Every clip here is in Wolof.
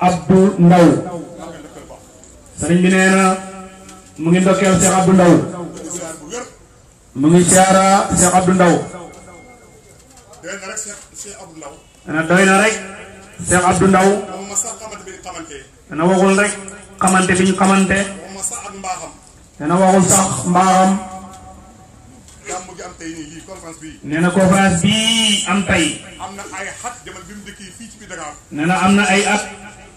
Abdou Ndaw sëriñ bi nee na mu ngi ndokkeel Cheikh Abdou Ndaw mu ngi siyaara Cheikh Abdou Ndaw dana doy na rek Cheikh Abdou Ndaw dana waxul rek xamante bi xamante dana waxul sax mbaaxam nee na conférence bii am tey nee na am na ay at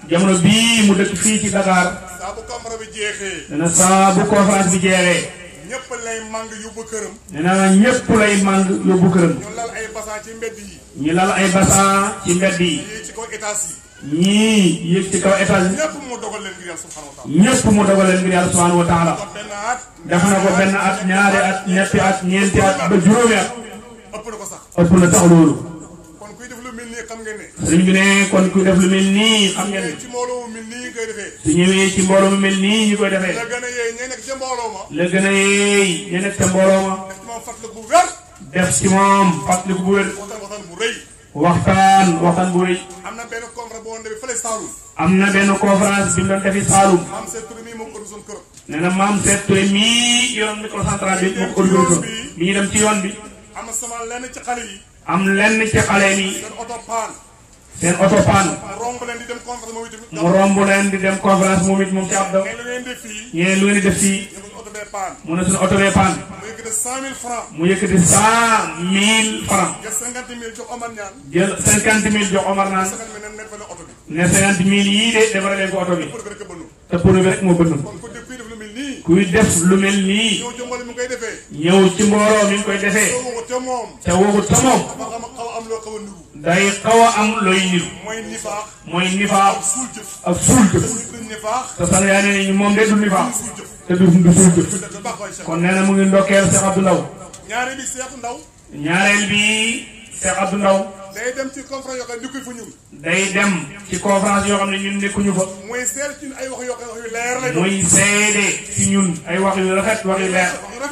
jamono bii mu dëkk fii ci Dakar. saa bu conférence bi jeexee. nee na saa bu conférence bi jeexee. ñëpp lay màng yóbbu këram. nee na ñëpp lay màng yóbbu këram. ñu lal ay basan ci mbedd yi. ñii ci ci kaw étage yi. mu dogal leen ngir yàlla subhanahu wa taala. ñëpp ko benn at ñaari at ñetti at ñeenti at ba juróomi at. ëpp na ko sax ëpp sëriñ bi ne kon ku def lu mel nii xam ngeen ne. su ñëwee ci mbooloo mu mel nii ñu koy defee. la gën a yeey ña nekk ca mbooloo ma. la gën a yeey def ci moom fàttaliku bu wér. waxtaan waxtaan bu rëy. am na benn conférence boo demee fële Saalum. am na benn conférence bi mu doon defi Saalum. maam mii moo ko ëllëgoon kër. nee na maam seet ko ëllëgoon kër. dem ci yoon bi. am lenn ci xale yi. seen oto paan mu romb leen di dem conférence moom it moom ci abdom ñeneen lu ngeen def fii mu ne suñu oto bee paan mu yëkkati cent mille francs jël cinquante mille jox Omar naan ne cinquante mille yii de defara leen ko oto bi te pono bi rek moo kuy def lu mel nii ñëw ci mbooloo mi koy defee te wogu te moom day xaw a am looy niru. mooy nifaax. ak suul jëf. te sax yaa ne ni moom de du nifaax. te du du suul jëf. kon nee na mu ngi ndokkeel Cheikh Ndaw. ñaareel bi Cheikh Ndaw. ñaareel bi day dem ci conférence yoo xam ne nekkuñu fa ñun. day nekkuñu fa. mooy seede ci ñun ay wax yu leer wax yu leer.